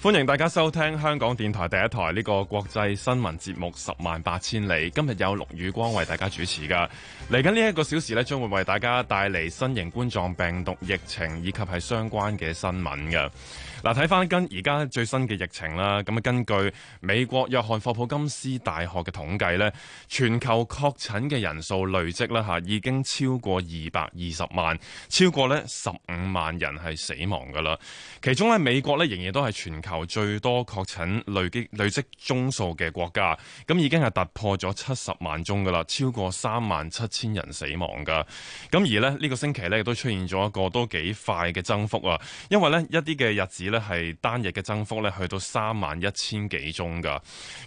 歡迎大家收聽香港電台第一台呢個國際新聞節目《十萬八千里》，今日有陸宇光為大家主持噶。嚟緊呢一個小時咧，將會為大家帶嚟新型冠狀病毒疫情以及係相關嘅新聞嘅。嗱，睇翻跟而家最新嘅疫情啦，咁啊根據美國約翰霍普金斯大學嘅統計咧，全球確診嘅人數累積啦吓，已經超過二百二十萬，超過咧十五萬人係死亡噶啦。其中咧美國咧仍然都係全球。求最多確診累積累積宗數嘅國家，咁已經係突破咗七十萬宗噶啦，超過三萬七千人死亡噶。咁而咧呢個星期咧亦都出現咗一個都幾快嘅增幅啊！因為咧一啲嘅日子咧係單日嘅增幅咧去到三萬一千幾宗噶。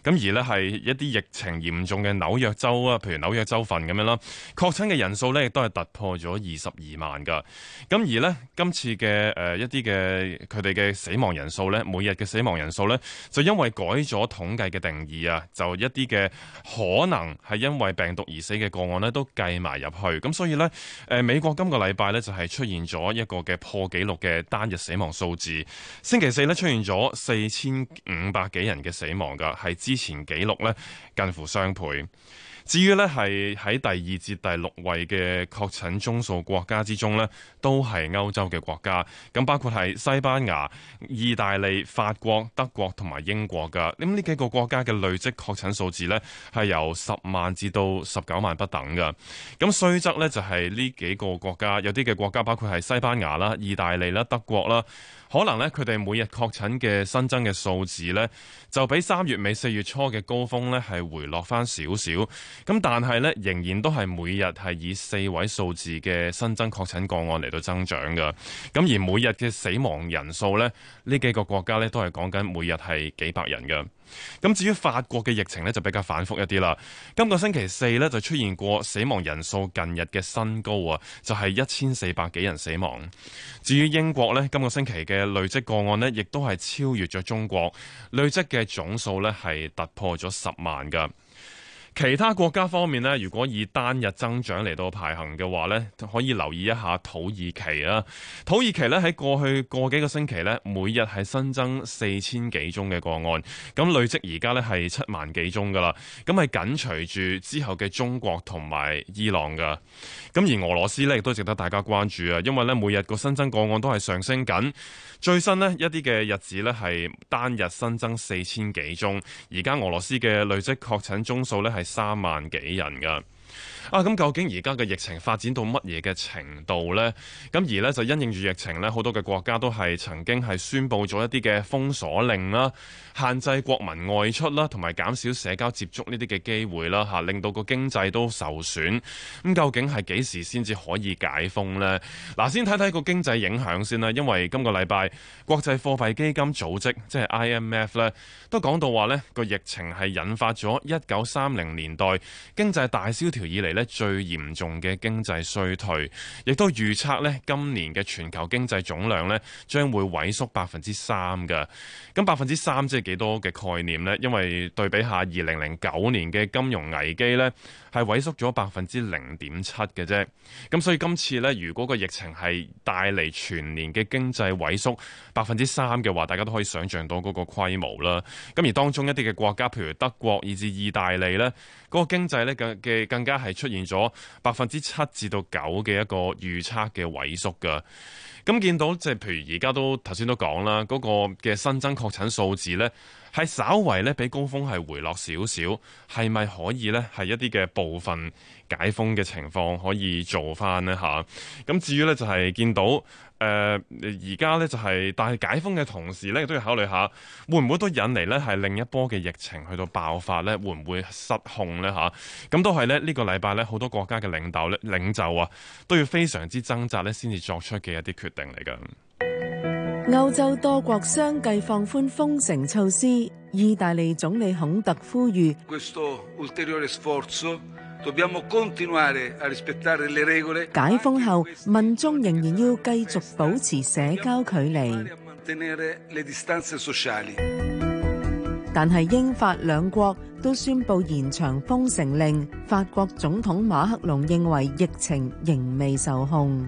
咁而咧係一啲疫情嚴重嘅紐約州啊，譬如紐約州份咁樣啦，確診嘅人數咧亦都係突破咗二十二萬噶。咁而咧今次嘅誒、呃、一啲嘅佢哋嘅死亡人數咧每日。嘅死亡人數呢，就因為改咗統計嘅定義啊，就一啲嘅可能係因為病毒而死嘅個案呢，都計埋入去。咁所以呢，誒，美國今個禮拜呢，就係出現咗一個嘅破紀錄嘅單日死亡數字。星期四呢，出現咗四千五百幾人嘅死亡㗎，係之前紀錄呢近乎雙倍。至於呢，係喺第二至第六位嘅確診宗數國家之中，呢都係歐洲嘅國家。咁包括係西班牙、意大利、法國、德國同埋英國㗎。咁呢幾個國家嘅累積確診數字呢，係由十萬至到十九萬不等㗎。咁雖則呢就係呢幾個國家，有啲嘅國家包括係西班牙啦、意大利啦、德國啦，可能呢，佢哋每日確診嘅新增嘅數字呢，就比三月尾四月初嘅高峰呢係回落翻少少。咁但係咧，仍然都係每日係以四位數字嘅新增確診個案嚟到增長嘅。咁而每日嘅死亡人數呢，呢幾個國家呢都係講緊每日係幾百人嘅。咁至於法國嘅疫情呢，就比較反覆一啲啦。今個星期四呢，就出現過死亡人數近日嘅新高啊，就係一千四百幾人死亡。至於英國呢，今個星期嘅累積個案呢，亦都係超越咗中國累積嘅總數呢，係突破咗十萬嘅。其他國家方面咧，如果以單日增長嚟到排行嘅話咧，可以留意一下土耳其啦。土耳其咧喺過去個幾個星期咧，每日係新增四千幾宗嘅個案，咁累積而家咧係七萬幾宗噶啦。咁係緊隨住之後嘅中國同埋伊朗噶。咁而俄羅斯咧亦都值得大家關注啊，因為咧每日個新增個案都係上升緊。最新咧一啲嘅日子咧係單日新增四千幾宗，而家俄羅斯嘅累積確診宗數咧係。三萬幾人㗎。啊！咁究竟而家嘅疫情發展到乜嘢嘅程度咧？咁而咧就因應住疫情咧，好多嘅國家都係曾經係宣布咗一啲嘅封鎖令啦，限制國民外出啦，同埋減少社交接觸呢啲嘅機會啦，吓令到個經濟都受損，咁、嗯、究竟係幾時先至可以解封咧？嗱，先睇睇個經濟影響先啦。因為今個禮拜國際貨幣基金組織即係 IMF 咧，都講到話咧個疫情係引發咗一九三零年代經濟大蕭條以嚟咧。最嚴重嘅經濟衰退，亦都預測呢今年嘅全球經濟總量呢將會萎縮百分之三㗎。咁百分之三即係幾多嘅概念呢？因為對比下二零零九年嘅金融危機呢係萎縮咗百分之零點七嘅啫。咁所以今次呢，如果個疫情係帶嚟全年嘅經濟萎縮百分之三嘅話，大家都可以想像到嗰個規模啦。咁而當中一啲嘅國家，譬如德國以至意大利呢。嗰個經濟咧嘅嘅更加係出現咗百分之七至到九嘅一個預測嘅萎縮㗎。咁見到即係譬如而家都頭先都講啦，嗰個嘅新增確診數字咧。係稍為咧比高峰係回落少少，係咪可以呢？係一啲嘅部分解封嘅情況可以做翻呢？嚇？咁至於呢，就係見到誒而家呢，就係，但係解封嘅同時咧，都要考慮下會唔會都引嚟呢？係另一波嘅疫情去到爆發呢，會唔會失控呢？嚇？咁都係呢，呢個禮拜呢，好多國家嘅領導咧領袖啊，都要非常之掙扎呢，先至作出嘅一啲決定嚟㗎。歐洲多國相繼放寬封城措施，意大利總理孔特呼籲解封後，民眾仍然要繼續保持社交距離。但係英法兩國都宣布延長封城令，法國總統馬克龍認為疫情仍未受控。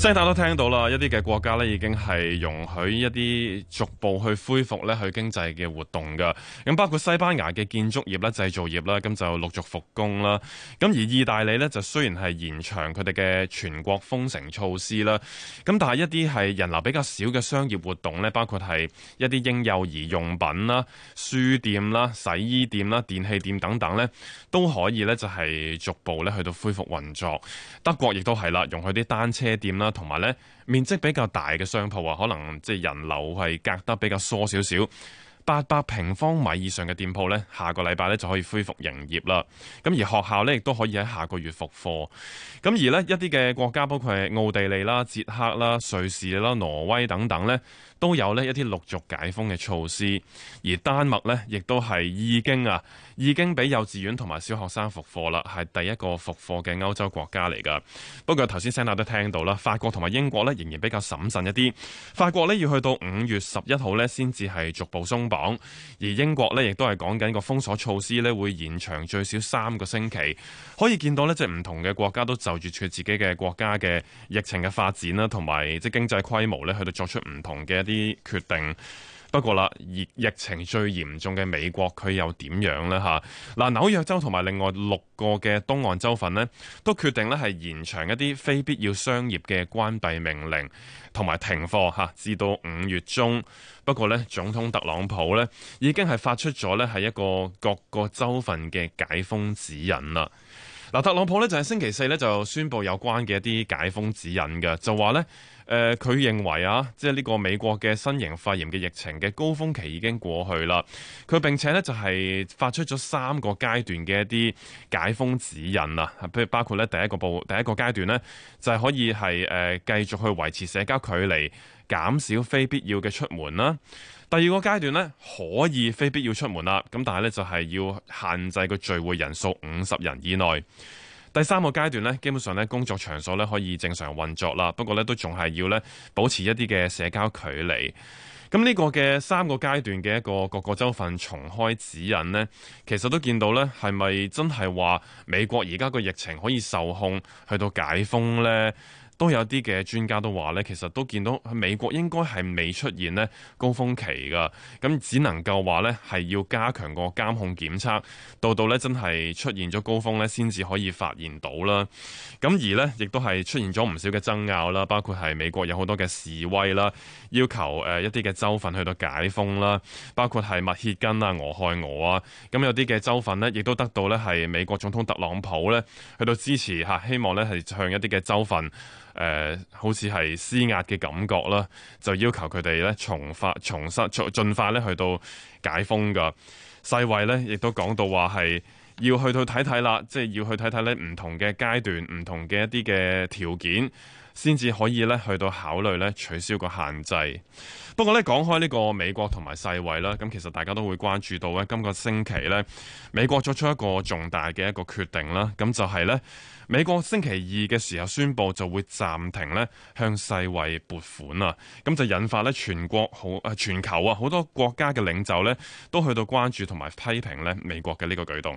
西亞都聽到啦，一啲嘅國家咧已經係容許一啲逐步去恢復咧去經濟嘅活動噶。咁包括西班牙嘅建築業啦、製造業啦，咁就陸續復工啦。咁而意大利咧就雖然係延長佢哋嘅全國封城措施啦，咁但係一啲係人流比較少嘅商業活動咧，包括係一啲嬰幼兒用品啦、書店啦、洗衣店啦、電器店等等咧，都可以咧就係逐步咧去到恢復運作。德國亦都係啦，容許啲單車店啦。同埋咧，面積比較大嘅商鋪啊，可能即係人流係隔得比較疏少少。八百平方米以上嘅店鋪咧，下個禮拜咧就可以恢復營業啦。咁而學校咧，亦都可以喺下個月復課。咁而呢一啲嘅國家，包括係奧地利啦、捷克啦、瑞士啦、挪威等等咧。都有呢一啲陸續解封嘅措施，而丹麥呢亦都係已經啊已經俾幼稚園同埋小學生復課啦，係第一個復課嘅歐洲國家嚟㗎。不過頭先聲帶都聽到啦，法國同埋英國呢仍然比較審慎一啲。法國呢要去到五月十一號呢先至係逐步鬆綁，而英國呢亦都係講緊個封鎖措施呢會延長最少三個星期。可以見到呢即係唔同嘅國家都就住住自己嘅國家嘅疫情嘅發展啦，同埋即經濟規模呢去到作出唔同嘅啲決定，不過啦，疫情最嚴重嘅美國佢又點樣呢？嚇嗱，紐約州同埋另外六個嘅東岸州份呢，都決定呢係延長一啲非必要商業嘅關閉命令同埋停課嚇，至到五月中。不過呢，總統特朗普呢已經係發出咗呢係一個各個州份嘅解封指引啦。嗱，特朗普呢，就係星期四呢就宣布有關嘅一啲解封指引嘅，就話呢。誒佢、呃、認為啊，即係呢個美國嘅新型肺炎嘅疫情嘅高峰期已經過去啦。佢並且呢就係發出咗三個階段嘅一啲解封指引啦，譬如包括呢第一個步，第一個階段呢，就係、是、可以係誒、呃、繼續去維持社交距離，減少非必要嘅出門啦。第二個階段呢，可以非必要出門啦，咁但係呢，就係要限制個聚會人數五十人以內。第三個階段咧，基本上咧，工作場所咧可以正常運作啦，不過咧都仲係要咧保持一啲嘅社交距離。咁呢個嘅三個階段嘅一個各個州份重開指引呢，其實都見到咧，係咪真係話美國而家個疫情可以受控去到解封呢？都有啲嘅專家都話呢，其實都見到喺美國應該係未出現呢高峰期噶，咁只能夠話呢，係要加強個監控檢測，到到呢真係出現咗高峰呢，先至可以發現到啦。咁而呢亦都係出現咗唔少嘅爭拗啦，包括係美國有好多嘅示威啦，要求誒一啲嘅州份去到解封啦，包括係密歇根啊、俄亥俄啊，咁有啲嘅州份呢亦都得到呢係美國總統特朗普呢去到支持嚇，希望呢係向一啲嘅州份。誒、呃，好似係施壓嘅感覺啦，就要求佢哋咧從發、從新、從進化咧去到解封㗎。世衛咧亦都講到話係要去到睇睇啦，即係要去睇睇咧唔同嘅階段、唔同嘅一啲嘅條件。先至可以咧去到考慮咧取消個限制。不過咧講開呢個美國同埋世衞啦，咁其實大家都會關注到咧。今個星期咧，美國作出一個重大嘅一個決定啦，咁就係咧美國星期二嘅時候宣布就會暫停咧向世衞撥款啊，咁就引發咧全國好啊、呃、全球啊好多國家嘅領袖咧都去到關注同埋批評咧美國嘅呢個舉動。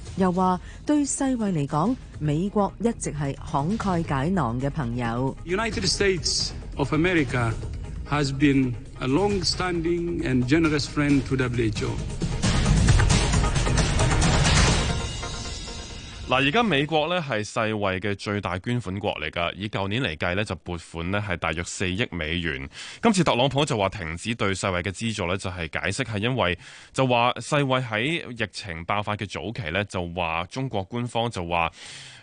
又話對世衛嚟講，美國一直係慷慨解囊嘅朋友。United States of America has been a longstanding and generous friend to WHO. 嗱，而家美國咧係世衛嘅最大捐款國嚟噶以舊年嚟計咧就撥款咧係大約四億美元。今次特朗普就話停止對世衛嘅資助咧，就係解釋，係因為就話世衛喺疫情爆發嘅早期咧就話中國官方就話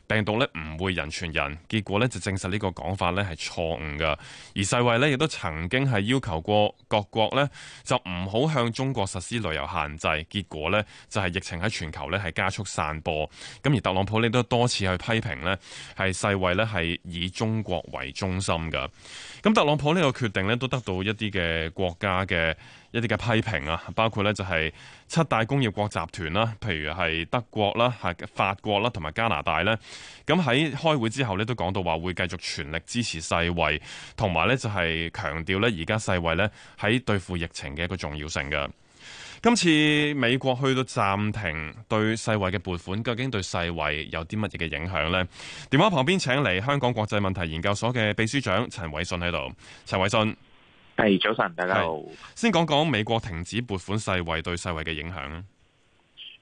病毒咧唔會人傳人，結果咧就證實呢個講法咧係錯誤噶。而世衛咧亦都曾經係要求過各國咧就唔好向中國實施旅遊限制，結果咧就係疫情喺全球咧係加速散播。咁而特。特朗普亦都多次去批評，呢係世衛，呢係以中國為中心嘅。咁特朗普呢個決定呢都得到一啲嘅國家嘅一啲嘅批評啊，包括呢就係七大工業國集團啦，譬如係德國啦、係法國啦同埋加拿大咧。咁喺開會之後，呢都講到話會繼續全力支持世衛，同埋呢就係強調呢而家世衛呢喺對付疫情嘅一個重要性嘅。今次美國去到暫停對世衛嘅撥款，究竟對世衛有啲乜嘢嘅影響呢？電話旁邊請嚟香港國際問題研究所嘅秘書長陳偉信喺度。陳偉信，係早晨，大家好。先講講美國停止撥款世衛對世衛嘅影響。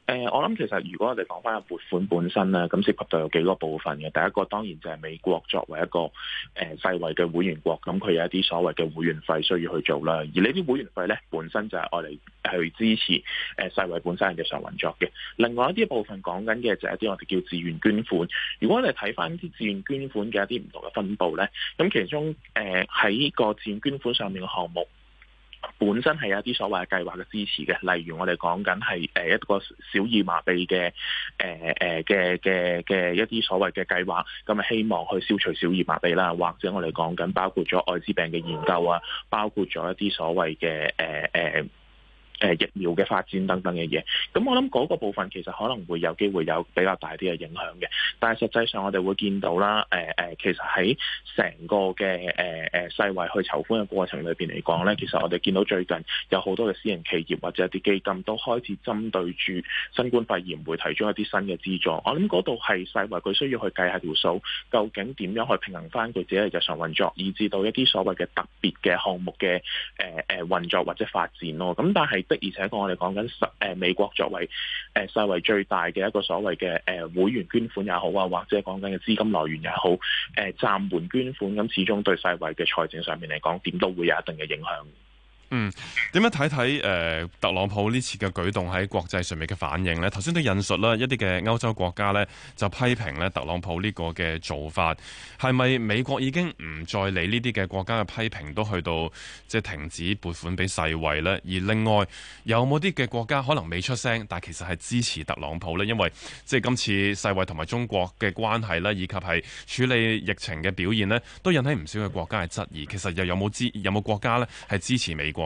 誒、呃，我諗其實如果我哋講翻個撥款本身咧，咁涉及到有幾個部分嘅。第一個當然就係美國作為一個誒、呃、世衛嘅會員國，咁佢有一啲所謂嘅會員費需要去做啦。而呢啲會員費咧，本身就係我哋去支持誒、呃、世衛本身嘅日常運作嘅。另外一啲部分講緊嘅就係一啲我哋叫自願捐款。如果你睇翻啲自願捐款嘅一啲唔同嘅分佈咧，咁其中誒喺、呃、個自願捐款上面嘅項目。本身係一啲所謂嘅計劃嘅支持嘅，例如我哋講緊係誒一個小兒麻痹嘅誒誒嘅嘅嘅一啲所謂嘅計劃，咁啊希望去消除小兒麻痹啦，或者我哋講緊包括咗愛滋病嘅研究啊，包括咗一啲所謂嘅誒誒。呃呃誒疫苗嘅發展等等嘅嘢，咁我諗嗰個部分其實可能會有機會有比較大啲嘅影響嘅。但係實際上我哋會見到啦，誒、呃、誒，其實喺成個嘅誒誒世衞去籌款嘅過程裏邊嚟講咧，其實我哋見到最近有好多嘅私營企業或者啲基金都開始針對住新冠肺炎會提出一啲新嘅資助。我諗嗰度係世衞佢需要去計下條數，究竟點樣去平衡翻佢自己嘅日常運作，以至到一啲所謂嘅特別嘅項目嘅誒誒運作或者發展咯。咁但係，的而且確，我哋講緊誒美國作為誒世衛最大嘅一個所謂嘅誒會員捐款也好啊，或者講緊嘅資金來源也好，誒暫緩捐款咁，始終對世衛嘅財政上面嚟講，點都會有一定嘅影響。嗯，點樣睇睇誒特朗普呢次嘅舉動喺國際上面嘅反應咧？頭先都引述啦，一啲嘅歐洲國家咧就批評咧特朗普呢個嘅做法，係咪美國已經唔再理呢啲嘅國家嘅批評，都去到即係停止撥款俾世衛咧？而另外有冇啲嘅國家可能未出聲，但其實係支持特朗普咧？因為即係今次世衛同埋中國嘅關係咧，以及係處理疫情嘅表現咧，都引起唔少嘅國家嘅質疑。其實又有冇支有冇國家咧係支持美國？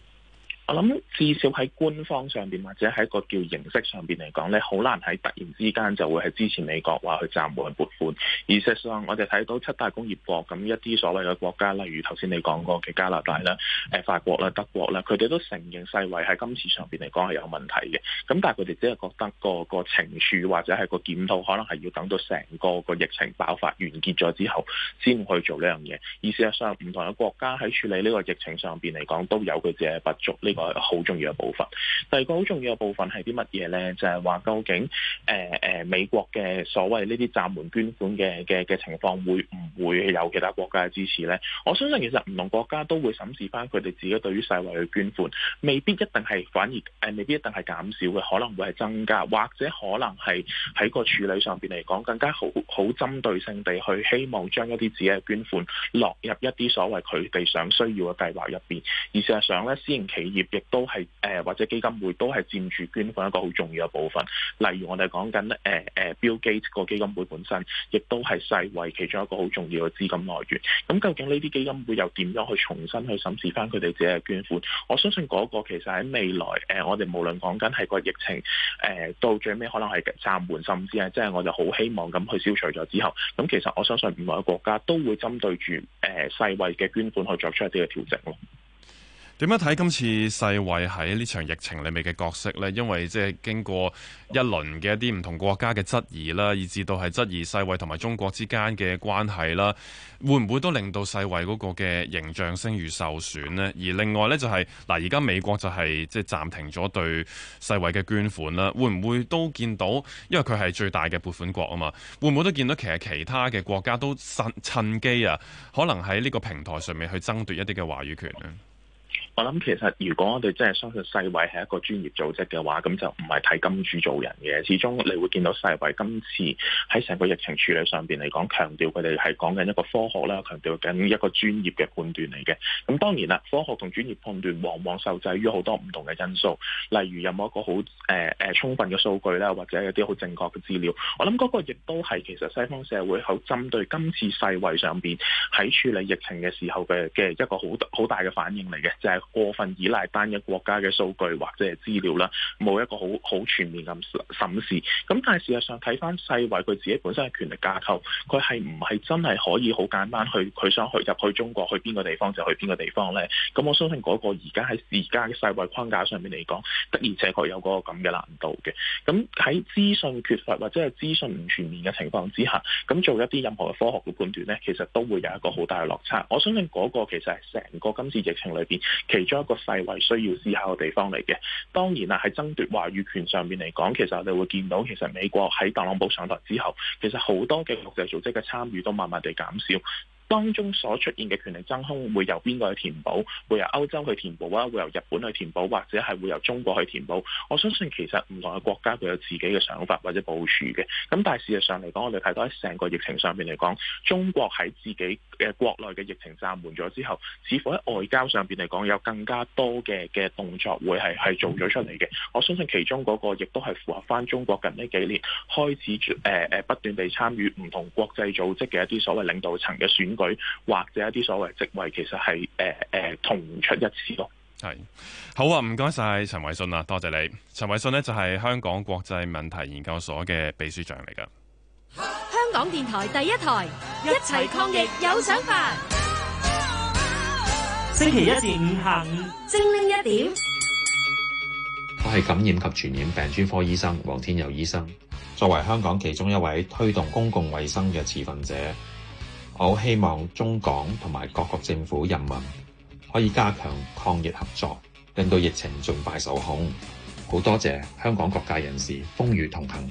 我諗、嗯、至少喺官方上邊或者喺個叫形式上邊嚟講呢好難喺突然之間就會係支持美國話去暫緩撥款。而事實上，我哋睇到七大工業國咁一啲所謂嘅國家，例如頭先你講過嘅加拿大啦、誒法國啦、德國啦，佢哋都承認世衞喺今次上邊嚟講係有問題嘅。咁但係佢哋只係覺得個個懲處或者係個檢討，可能係要等到成個個疫情爆發完結咗之後先去做呢樣嘢。而事實上，唔同嘅國家喺處理呢個疫情上邊嚟講，都有佢自己嘅不足呢個好重要嘅部分，第二個好重要嘅部分係啲乜嘢咧？就係、是、話究竟誒誒、呃、美國嘅所謂呢啲暫緩捐款嘅嘅嘅情況會唔會有其他國家嘅支持咧？我相信其實唔同國家都會審視翻佢哋自己對於世衛嘅捐款，未必一定係反而誒未必一定係減少嘅，可能會係增加，或者可能係喺個處理上邊嚟講更加好好針對性地去希望將一啲自己嘅捐款落入一啲所謂佢哋想需要嘅計劃入邊，而事實上咧，私營企業。亦都係誒、呃、或者基金會都係佔住捐款一個好重要嘅部分，例如我哋講緊誒誒 Bill Gates 個基金會本身，亦都係世衞其中一個好重要嘅資金來源。咁究竟呢啲基金會又點樣去重新去審視翻佢哋自己嘅捐款？我相信嗰個其實喺未來誒、呃，我哋無論講緊係個疫情誒、呃，到最尾可能係暫緩，甚至係即係我就好希望咁去消除咗之後，咁其實我相信任何一個國家都會針對住誒、呃、世衞嘅捐款去作出一啲嘅調整咯。點樣睇今次世衛喺呢場疫情裏面嘅角色呢？因為即係經過一輪嘅一啲唔同國家嘅質疑啦，以至到係質疑世衛同埋中國之間嘅關係啦，會唔會都令到世衛嗰個嘅形象聲譽受損呢？而另外呢、就是，就係嗱，而家美國就係即係暫停咗對世衛嘅捐款啦，會唔會都見到？因為佢係最大嘅撥款國啊嘛，會唔會都見到？其實其他嘅國家都趁趁機啊，可能喺呢個平台上面去爭奪一啲嘅話語權呢？我諗其實，如果我哋真係相信世衞係一個專業組織嘅話，咁就唔係睇金主做人嘅。始終你會見到世衞今次喺成個疫情處理上邊嚟講，強調佢哋係講緊一個科學啦，強調緊一個專業嘅判斷嚟嘅。咁當然啦，科學同專業判斷往往受制於好多唔同嘅因素，例如有冇一個好誒誒充分嘅數據啦，或者有啲好正確嘅資料。我諗嗰個亦都係其實西方社會好針對今次世衞上邊喺處理疫情嘅時候嘅嘅一個好大好大嘅反應嚟嘅，就係。過分依賴單一國家嘅數據或者係資料啦，冇一個好好全面咁審視。咁但係事實上睇翻世衞，佢自己本身嘅權力架構，佢係唔係真係可以好簡單去佢想去入去中國去邊個地方就去邊個地方咧？咁我相信嗰個而家喺而家嘅世衞框架上面嚟講，的而且確有嗰個咁嘅難度嘅。咁喺資訊缺乏或者係資訊唔全面嘅情況之下，咁做一啲任何科學嘅判斷咧，其實都會有一個好大嘅落差。我相信嗰個其實係成個今次疫情裏邊。其中一個世衛需要思考嘅地方嚟嘅，當然啦，喺爭奪話語權上面嚟講，其實我哋會見到，其實美國喺特朗普上台之後，其實好多嘅國際組織嘅參與都慢慢地減少。當中所出現嘅權力真空會由邊個去填補？會由歐洲去填補啊？會由日本去填補，或者係會由中國去填補？我相信其實唔同嘅國家佢有自己嘅想法或者部署嘅。咁但係事實上嚟講，我哋睇到喺成個疫情上邊嚟講，中國喺自己嘅國內嘅疫情暫緩咗之後，似乎喺外交上邊嚟講有更加多嘅嘅動作會係係做咗出嚟嘅。我相信其中嗰個亦都係符合翻中國近呢幾年開始誒誒、呃、不斷地參與唔同國際組織嘅一啲所謂領導層嘅選舉。或者一啲所謂職位，其實係誒誒同出一處咯。係好啊，唔該晒，陳偉信啊，多謝你。陳偉信呢，就係、是、香港國際問題研究所嘅秘書長嚟㗎。香港電台第一台一齊抗疫有想法。星期一至五下午精靈一點。我係感染及傳染病專科醫生黃天佑醫生，作為香港其中一位推動公共衛生嘅持份者。我希望中港同埋各國政府人民可以加強抗疫合作，令到疫情盡快受控。好多謝香港各界人士風雨同行，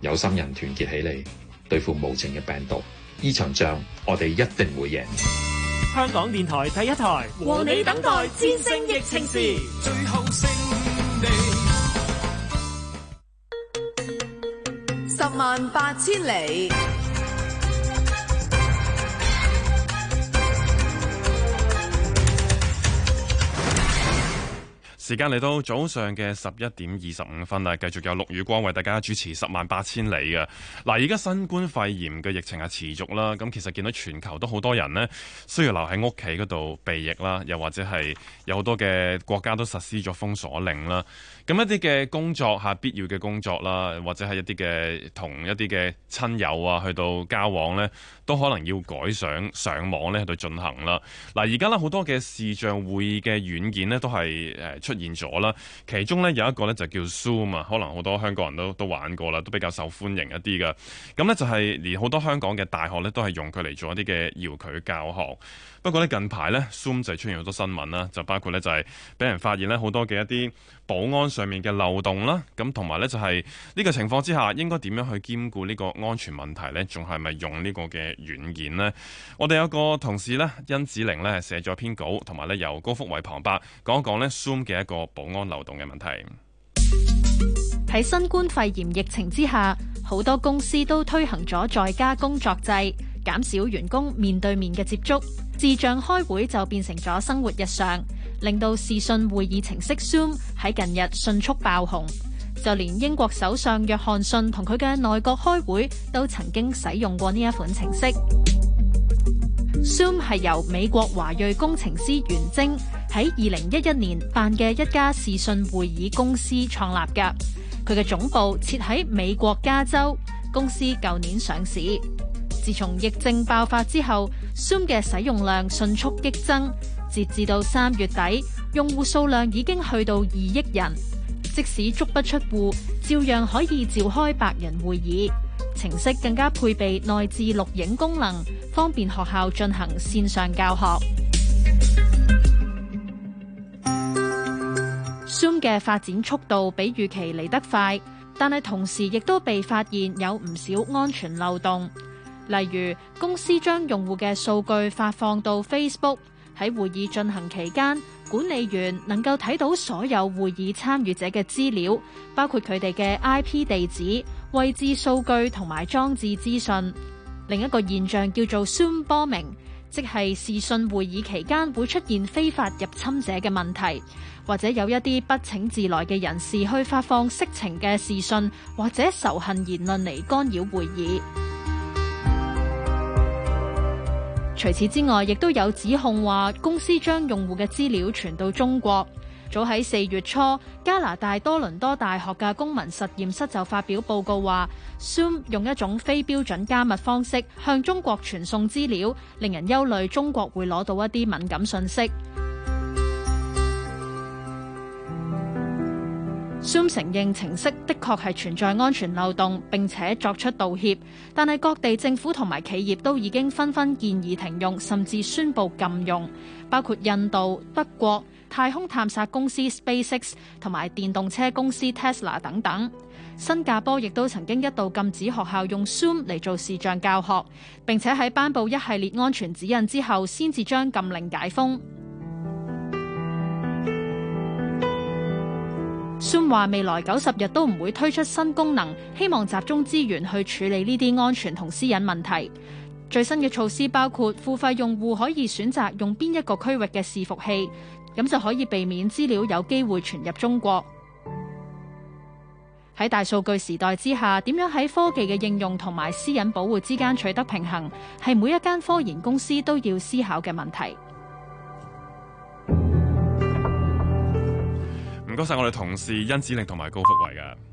有心人團結起嚟對付無情嘅病毒，呢場仗我哋一定會贏。香港電台第一台和你等待戰勝疫情時，情時最後勝利，十萬八千里。時間嚟到早上嘅十一點二十五分啦，繼續有陸宇光為大家主持《十萬八千里》嘅。嗱，而家新冠肺炎嘅疫情係持續啦，咁其實見到全球都好多人呢，需要留喺屋企嗰度避疫啦，又或者係有好多嘅國家都實施咗封鎖令啦。咁一啲嘅工作吓必要嘅工作啦，或者係一啲嘅同一啲嘅親友啊，去到交往咧，都可能要改上上網咧去到進行啦。嗱，而家咧好多嘅視像會議嘅軟件咧都係誒出現咗啦，其中咧有一個咧就叫 Zoom 啊，可能好多香港人都都玩過啦，都比較受歡迎一啲嘅。咁咧就係、是、連好多香港嘅大學咧都係用佢嚟做一啲嘅遙距教學。不過咧近排咧 Zoom 就出現好多新聞啦，就包括咧就係、是、俾人發現咧好多嘅一啲保安上面嘅漏洞啦，咁同埋咧就係呢個情況之下，應該點樣去兼顧呢個安全問題咧？仲係咪用個呢個嘅軟件咧？我哋有個同事咧，甄梓鈴咧寫咗篇稿，同埋咧由高福慧旁白講一講咧 Zoom 嘅一個保安漏洞嘅問題。喺新冠肺炎疫情之下，好多公司都推行咗在家工作制，減少員工面對面嘅接觸，智障開會就變成咗生活日常。令到視訊會議程式 Zoom 喺近日迅速爆紅，就連英國首相約翰遜同佢嘅內閣開會都曾經使用過呢一款程式。Zoom 係由美國華裔工程師袁征喺二零一一年辦嘅一家視訊會議公司創立嘅，佢嘅總部設喺美國加州，公司舊年上市。自從疫症爆發之後，Zoom 嘅使用量迅速激增。截至到三月底，用戶數量已經去到二億人。即使足不出戶，照樣可以召開百人會議。程式更加配備內置錄影功能，方便學校進行線上教學。Zoom 嘅發展速度比預期嚟得快，但係同時亦都被發現有唔少安全漏洞，例如公司將用戶嘅數據發放到 Facebook。喺會議進行期間，管理員能夠睇到所有會議參與者嘅資料，包括佢哋嘅 IP 地址、位置數據同埋裝置資訊。另一個現象叫做 Zoom bombing，即係視訊會議期間會出現非法入侵者嘅問題，或者有一啲不請自來嘅人士去發放色情嘅視訊或者仇恨言論嚟干擾會議。除此之外，亦都有指控話公司將用戶嘅資料傳到中國。早喺四月初，加拿大多倫多大學嘅公民實驗室就發表報告話，Zoom 用一種非標準加密方式向中國傳送資料，令人憂慮中國會攞到一啲敏感信息。Zoom 承認程式的確係存在安全漏洞，並且作出道歉，但係各地政府同埋企業都已經紛紛建議停用，甚至宣布禁用，包括印度、德國、太空探索公司 SpaceX 同埋電動車公司 Tesla 等等。新加坡亦都曾經一度禁止學校用 Zoom 嚟做視像教學，並且喺頒布一系列安全指引之後，先至將禁令解封。Zoom 話未來九十日都唔會推出新功能，希望集中資源去處理呢啲安全同私隱問題。最新嘅措施包括付費用戶可以選擇用邊一個區域嘅伺服器，咁就可以避免資料有機會傳入中國。喺大數據時代之下，點樣喺科技嘅應用同埋私隱保護之間取得平衡，係每一間科研公司都要思考嘅問題。唔該曬，我哋同事甄梓鈴同埋高福慧噶。